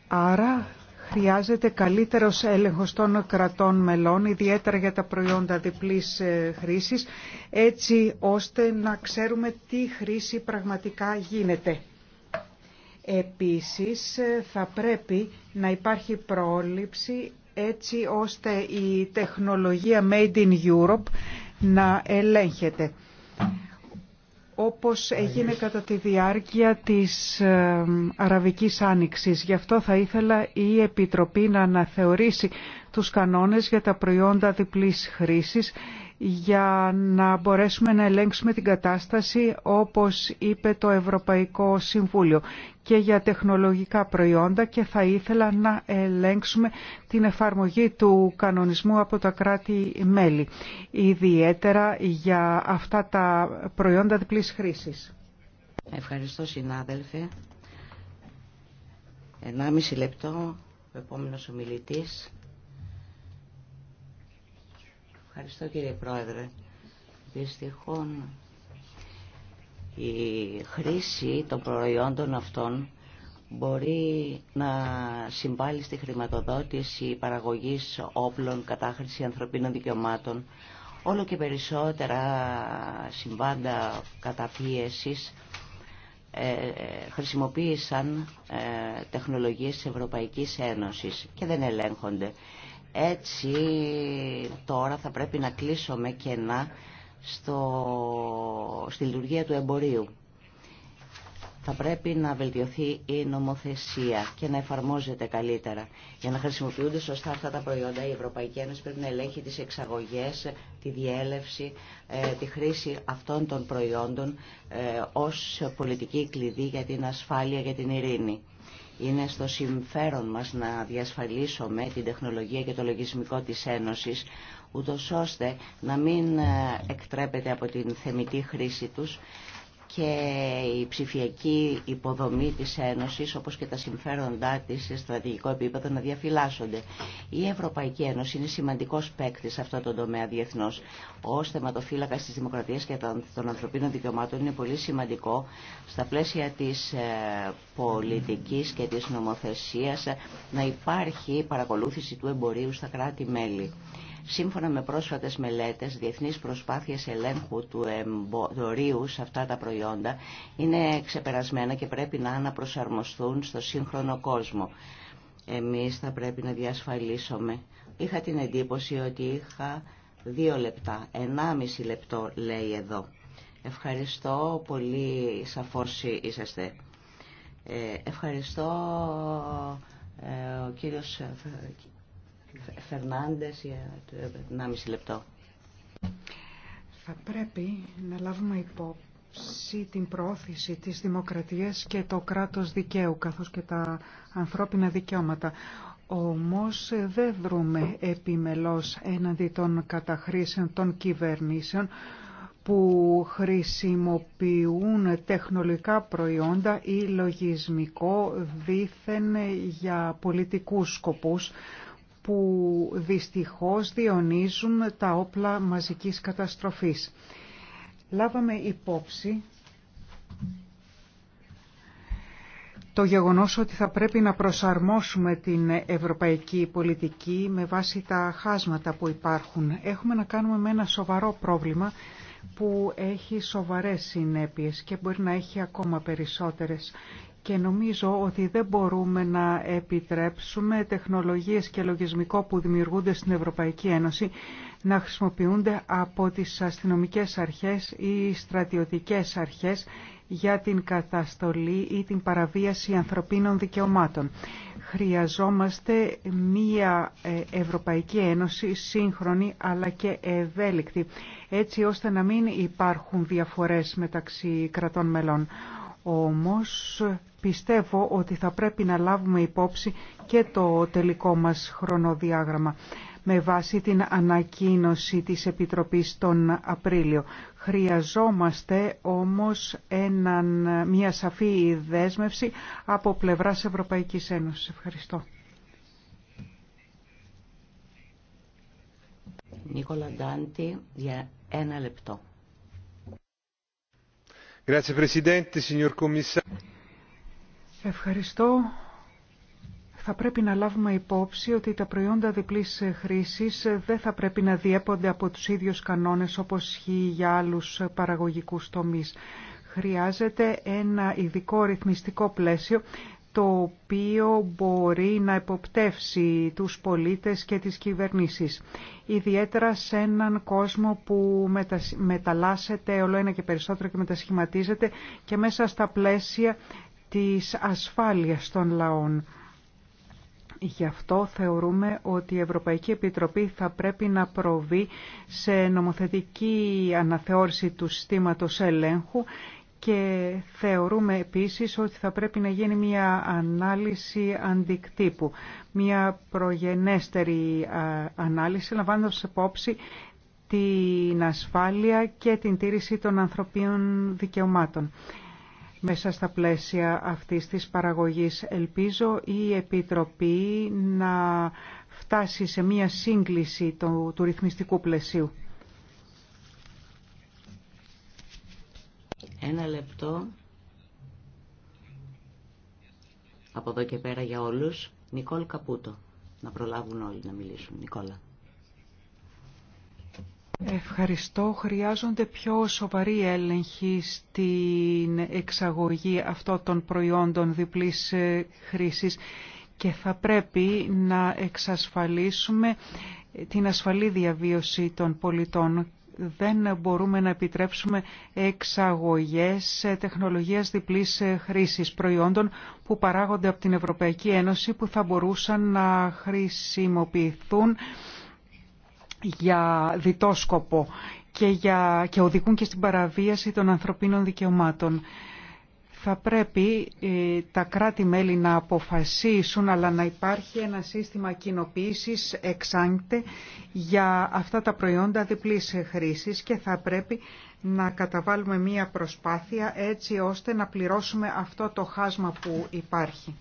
Άρα Χρειάζεται καλύτερος έλεγχος των κρατών μελών, ιδιαίτερα για τα προϊόντα διπλής ε, χρήσης, έτσι ώστε να ξέρουμε τι χρήση πραγματικά γίνεται. Επίσης, ε, θα πρέπει να υπάρχει πρόληψη έτσι ώστε η τεχνολογία Made in Europe να ελέγχεται όπως έγινε κατά τη διάρκεια της ε, Αραβικής Άνοιξης. Γι' αυτό θα ήθελα η Επιτροπή να αναθεωρήσει τους κανόνες για τα προϊόντα διπλής χρήσης για να μπορέσουμε να ελέγξουμε την κατάσταση όπως είπε το Ευρωπαϊκό Συμβούλιο και για τεχνολογικά προϊόντα και θα ήθελα να ελέγξουμε την εφαρμογή του κανονισμού από τα κράτη-μέλη, ιδιαίτερα για αυτά τα προϊόντα διπλής χρήσης. Ευχαριστώ συνάδελφε. Ενάμιση λεπτό, ο επόμενος ομιλητής. Ευχαριστώ κύριε Πρόεδρε. Δυστυχώ, η χρήση των προϊόντων αυτών μπορεί να συμβάλλει στη χρηματοδότηση παραγωγής όπλων, κατάχρηση ανθρωπίνων δικαιωμάτων, όλο και περισσότερα συμβάντα καταπίεσης ε, χρησιμοποίησαν ε, τεχνολογίες της Ευρωπαϊκής Ένωσης και δεν ελέγχονται. Έτσι τώρα θα πρέπει να κλείσουμε κενά στο, στη λειτουργία του εμπορίου. Θα πρέπει να βελτιωθεί η νομοθεσία και να εφαρμόζεται καλύτερα. Για να χρησιμοποιούνται σωστά αυτά τα προϊόντα, η Ευρωπαϊκή Ένωση πρέπει να ελέγχει τις εξαγωγές, τη διέλευση, ε, τη χρήση αυτών των προϊόντων ε, ως πολιτική κλειδί για την ασφάλεια, για την ειρήνη. Είναι στο συμφέρον μας να διασφαλίσουμε την τεχνολογία και το λογισμικό της Ένωσης, ούτω ώστε να μην ε, εκτρέπεται από την θεμητή χρήση τους και η ψηφιακή υποδομή της Ένωσης όπως και τα συμφέροντά της σε στρατηγικό επίπεδο να διαφυλάσσονται. Η Ευρωπαϊκή Ένωση είναι σημαντικός παίκτη σε αυτό το τομέα διεθνώς. Ω θεματοφύλακα της δημοκρατίας και των ανθρωπίνων δικαιωμάτων είναι πολύ σημαντικό στα πλαίσια της ε, πολιτικής και της νομοθεσίας να υπάρχει παρακολούθηση του εμπορίου στα κράτη-μέλη. Σύμφωνα με πρόσφατες μελέτες, διεθνείς προσπάθειες ελέγχου του εμπορίου σε αυτά τα προϊόντα είναι ξεπερασμένα και πρέπει να αναπροσαρμοστούν στο σύγχρονο κόσμο. Εμείς θα πρέπει να διασφαλίσουμε. Είχα την εντύπωση ότι είχα δύο λεπτά, ενάμιση λεπτό λέει εδώ. Ευχαριστώ πολύ, σαφώς είσαστε. Ε, ευχαριστώ ε, ο κύριος Φερνάντες για λεπτό. Θα πρέπει να λάβουμε υπόψη την πρόθεση της δημοκρατίας και το κράτος δικαίου καθώς και τα ανθρώπινα δικαιώματα. Όμως δεν βρούμε επιμελώς έναντι των καταχρήσεων των κυβερνήσεων που χρησιμοποιούν τεχνολογικά προϊόντα ή λογισμικό δήθεν για πολιτικούς σκοπούς που δυστυχώς διονύζουν τα όπλα μαζικής καταστροφής. Λάβαμε υπόψη το γεγονός ότι θα πρέπει να προσαρμόσουμε την ευρωπαϊκή πολιτική με βάση τα χάσματα που υπάρχουν. Έχουμε να κάνουμε με ένα σοβαρό πρόβλημα που έχει σοβαρές συνέπειες και μπορεί να έχει ακόμα περισσότερες. Και νομίζω ότι δεν μπορούμε να επιτρέψουμε τεχνολογίες και λογισμικό που δημιουργούνται στην Ευρωπαϊκή Ένωση να χρησιμοποιούνται από τις αστυνομικές αρχές ή στρατιωτικές αρχές για την καταστολή ή την παραβίαση ανθρωπίνων δικαιωμάτων. Χρειαζόμαστε μία ε, Ευρωπαϊκή Ένωση σύγχρονη αλλά και ευέλικτη, έτσι ώστε να μην υπάρχουν διαφορές μεταξύ κρατών μελών. Όμως πιστεύω ότι θα πρέπει να λάβουμε υπόψη και το τελικό μας χρονοδιάγραμμα με βάση την ανακοίνωση της Επιτροπής τον Απρίλιο. Χρειαζόμαστε όμως έναν, μια σαφή δέσμευση από πλευράς Ευρωπαϊκής Ένωσης. Ευχαριστώ. Νίκολα Ντάντι για ένα λεπτό. Grazie Presidente, signor Ευχαριστώ. Θα πρέπει να λάβουμε υπόψη ότι τα προϊόντα διπλής χρήσης δεν θα πρέπει να διέπονται από τους ίδιους κανόνες όπως ισχύει για άλλους παραγωγικούς τομείς. Χρειάζεται ένα ειδικό ρυθμιστικό πλαίσιο το οποίο μπορεί να υποπτεύσει τους πολίτες και τις κυβερνήσεις. Ιδιαίτερα σε έναν κόσμο που μεταλλάσσεται όλο ένα και περισσότερο και μετασχηματίζεται και μέσα στα πλαίσια της ασφάλειας των λαών. Γι' αυτό θεωρούμε ότι η Ευρωπαϊκή Επιτροπή θα πρέπει να προβεί σε νομοθετική αναθεώρηση του συστήματος ελέγχου και θεωρούμε επίσης ότι θα πρέπει να γίνει μια ανάλυση αντικτύπου, μια προγενέστερη ανάλυση, λαμβάνοντας υπόψη την ασφάλεια και την τήρηση των ανθρωπίνων δικαιωμάτων μέσα στα πλαίσια αυτής της παραγωγής. Ελπίζω η Επιτροπή να φτάσει σε μία σύγκληση του, του ρυθμιστικού πλαισίου. Ένα λεπτό από εδώ και πέρα για όλους. Νικόλ Καπούτο. Να προλάβουν όλοι να μιλήσουν. Νικόλα. Ευχαριστώ. Χρειάζονται πιο σοβαροί έλεγχοι στην εξαγωγή αυτών των προϊόντων διπλής ε, χρήσης και θα πρέπει να εξασφαλίσουμε την ασφαλή διαβίωση των πολιτών. Δεν μπορούμε να επιτρέψουμε εξαγωγές ε, τεχνολογίας διπλής ε, χρήσης προϊόντων που παράγονται από την Ευρωπαϊκή Ένωση που θα μπορούσαν να χρησιμοποιηθούν για διτό σκοπό και, για, και οδηγούν και στην παραβίαση των ανθρωπίνων δικαιωμάτων. Θα πρέπει ε, τα κράτη-μέλη να αποφασίσουν, αλλά να υπάρχει ένα σύστημα κοινοποίησης εξάγκτε για αυτά τα προϊόντα διπλής χρήσης και θα πρέπει να καταβάλουμε μία προσπάθεια έτσι ώστε να πληρώσουμε αυτό το χάσμα που υπάρχει.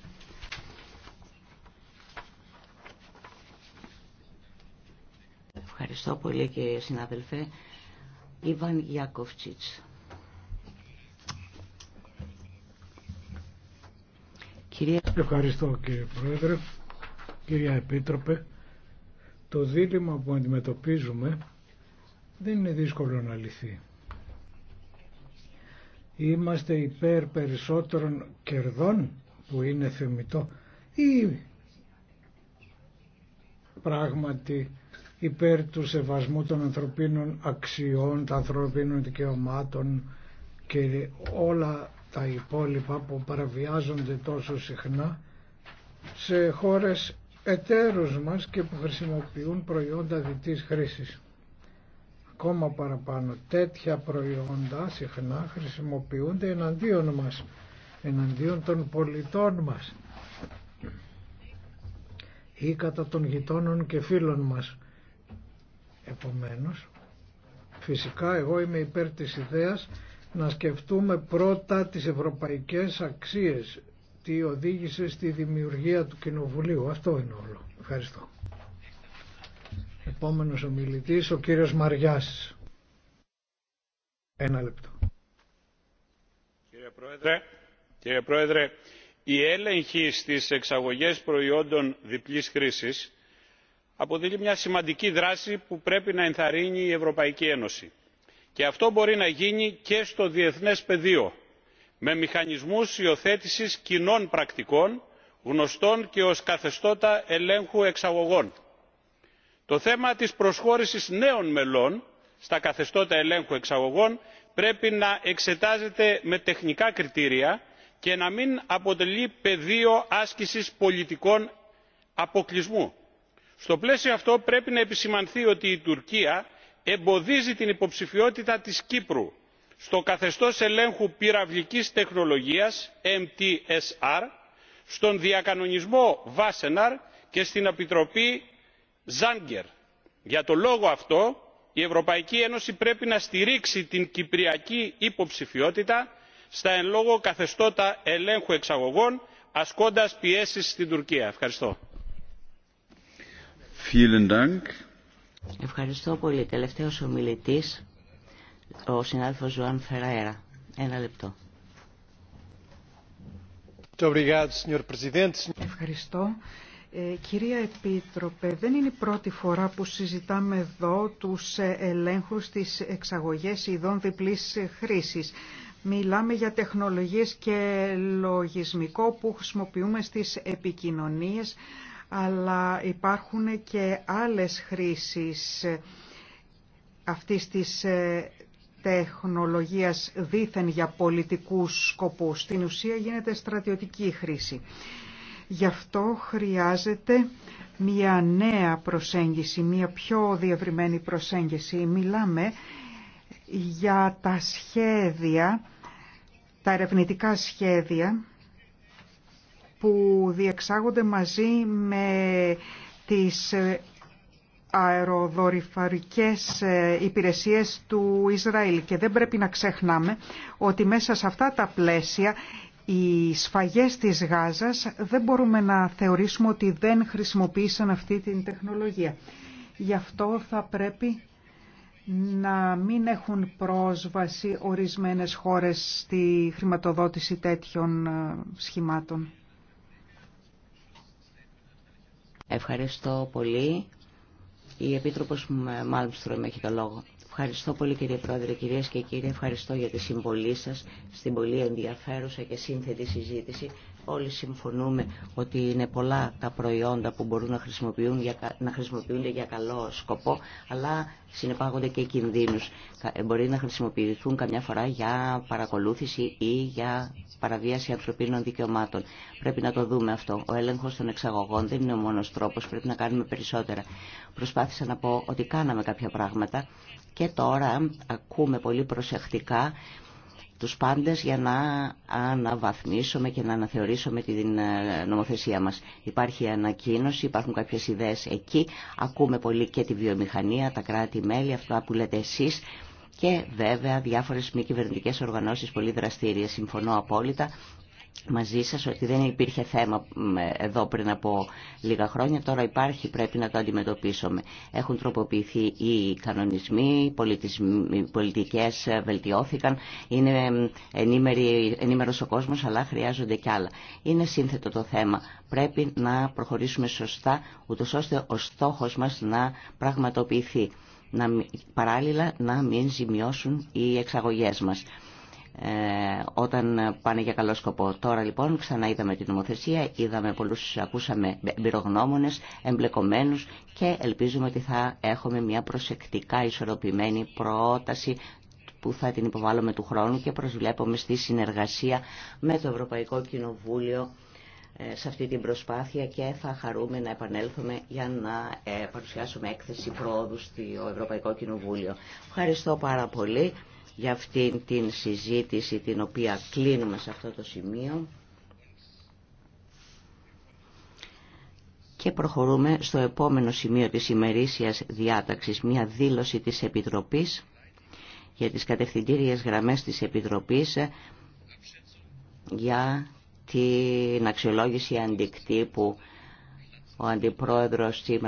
Ευχαριστώ πολύ και συνάδελφε. Ιβάν Γιάκοφτσιτς. Ευχαριστώ κύριε Πρόεδρε, κυρία Επίτροπε. Το δίλημα που αντιμετωπίζουμε δεν είναι δύσκολο να λυθεί. Είμαστε υπέρ περισσότερων κερδών που είναι θεμητό ή πράγματι υπέρ του σεβασμού των ανθρωπίνων αξιών, των ανθρωπίνων δικαιωμάτων και όλα τα υπόλοιπα που παραβιάζονται τόσο συχνά σε χώρες εταίρους μας και που χρησιμοποιούν προϊόντα διτής χρήσης. Ακόμα παραπάνω τέτοια προϊόντα συχνά χρησιμοποιούνται εναντίον μας, εναντίον των πολιτών μας ή κατά των γειτόνων και φίλων μας Επομένως, φυσικά εγώ είμαι υπέρ της ιδέας να σκεφτούμε πρώτα τις ευρωπαϊκές αξίες τι οδήγησε στη δημιουργία του Κοινοβουλίου. Αυτό είναι όλο. Ευχαριστώ. Επόμενος ομιλητής, ο κύριος Μαριάς. Ένα λεπτό. Κύριε Πρόεδρε, κύριε Πρόεδρε η έλεγχη στις εξαγωγές προϊόντων διπλής χρήσης αποτελεί μια σημαντική δράση που πρέπει να ενθαρρύνει η ευρωπαϊκή ένωση και αυτό μπορεί να γίνει και στο διεθνές πεδίο με μηχανισμούς υιοθέτησης κοινών πρακτικών γνωστών και ως καθεστώτα ελέγχου εξαγωγών. το θέμα της προσχώρησης νέων μελών στα καθεστώτα ελέγχου εξαγωγών πρέπει να εξετάζεται με τεχνικά κριτήρια και να μην αποτελεί πεδίο άσκησης πολιτικών αποκλεισμού στο πλαίσιο αυτό πρέπει να επισημανθεί ότι η τουρκία εμποδίζει την υποψηφιότητα της κύπρου στο καθεστώς ελέγχου πυραυλικής τεχνολογίας mtsr στον διακανονισμό βασεναρ και στην επιτροπή zanger. για το λόγο αυτό η ευρωπαϊκή ένωση πρέπει να στηρίξει την κυπριακή υποψηφιότητα στα εν λόγω καθεστώτα ελέγχου εξαγωγών ασκώντας πιέσεις στην τουρκία. ευχαριστώ. Ευχαριστώ πολύ. Τελευταίος ομιλητής, ο συνάδελφος Ζωάν Φεραέρα. Ένα λεπτό. Ευχαριστώ. Ε, κυρία Επίτροπε, δεν είναι η πρώτη φορά που συζητάμε εδώ τους ε, ελέγχους της εξαγωγές ειδών διπλής ε, χρήσης. Μιλάμε για τεχνολογίες και λογισμικό που χρησιμοποιούμε στις επικοινωνίε αλλά υπάρχουν και άλλες χρήσεις αυτής της ε, τεχνολογίας δήθεν για πολιτικούς σκοπούς. Στην ουσία γίνεται στρατιωτική χρήση. Γι' αυτό χρειάζεται μια νέα προσέγγιση, μια πιο διευρυμένη προσέγγιση. Μιλάμε για τα σχέδια, τα ερευνητικά σχέδια που διεξάγονται μαζί με τις αεροδορυφαρικές υπηρεσίες του Ισραήλ. Και δεν πρέπει να ξεχνάμε ότι μέσα σε αυτά τα πλαίσια οι σφαγές της Γάζας δεν μπορούμε να θεωρήσουμε ότι δεν χρησιμοποίησαν αυτή την τεχνολογία. Γι' αυτό θα πρέπει να μην έχουν πρόσβαση ορισμένες χώρες στη χρηματοδότηση τέτοιων ε, σχημάτων. Ευχαριστώ πολύ. Η Επίτροπος Μάλμστρομ έχει το λόγο. Ευχαριστώ πολύ κύριε Πρόεδρε, κυρίες και κύριοι. Ευχαριστώ για τη συμβολή σας στην πολύ ενδιαφέρουσα και σύνθετη συζήτηση Όλοι συμφωνούμε ότι είναι πολλά τα προϊόντα που μπορούν να, χρησιμοποιούν για, να χρησιμοποιούνται για καλό σκοπό, αλλά συνεπάγονται και κινδύνους. Ε, μπορεί να χρησιμοποιηθούν καμιά φορά για παρακολούθηση ή για παραβίαση ανθρωπίνων δικαιωμάτων. Πρέπει να το δούμε αυτό. Ο έλεγχος των εξαγωγών δεν είναι ο μόνος τρόπος, πρέπει να κάνουμε περισσότερα. Προσπάθησα να πω ότι κάναμε κάποια πράγματα και τώρα ακούμε πολύ προσεκτικά τους πάντες για να αναβαθμίσουμε και να αναθεωρήσουμε την ε, νομοθεσία μας. Υπάρχει ανακοίνωση, υπάρχουν κάποιες ιδέες εκεί, ακούμε πολύ και τη βιομηχανία, τα κράτη-μέλη, αυτά που λέτε εσείς και βέβαια διάφορες μη κυβερνητικέ οργανώσεις πολύ δραστήριες. Συμφωνώ απόλυτα μαζί σας ότι δεν υπήρχε θέμα εδώ πριν από λίγα χρόνια. Τώρα υπάρχει, πρέπει να το αντιμετωπίσουμε. Έχουν τροποποιηθεί οι κανονισμοί, οι, πολιτικές βελτιώθηκαν, είναι ενήμεροι, ενήμερος ο κόσμος, αλλά χρειάζονται κι άλλα. Είναι σύνθετο το θέμα. Πρέπει να προχωρήσουμε σωστά, ούτω ώστε ο στόχος μας να πραγματοποιηθεί. Να, παράλληλα να μην ζημιώσουν οι εξαγωγές μας. Ε, όταν πάνε για καλό σκοπό. Τώρα λοιπόν ξανά είδαμε την νομοθεσία, είδαμε πολλούς, ακούσαμε εμπειρογνώμονες, εμπλεκομένους και ελπίζουμε ότι θα έχουμε μια προσεκτικά ισορροπημένη πρόταση που θα την υποβάλλουμε του χρόνου και προσβλέπουμε στη συνεργασία με το Ευρωπαϊκό Κοινοβούλιο ε, σε αυτή την προσπάθεια και θα χαρούμε να επανέλθουμε για να ε, παρουσιάσουμε έκθεση πρόοδου στο Ευρωπαϊκό Κοινοβούλιο. Ευχαριστώ πάρα πολύ για αυτήν την συζήτηση την οποία κλείνουμε σε αυτό το σημείο. Και προχωρούμε στο επόμενο σημείο της ημερήσιας διάταξης, μια δήλωση της Επιτροπής για τις κατευθυντήριες γραμμές της Επιτροπής για την αξιολόγηση αντικτύπου ο Αντιπρόεδρος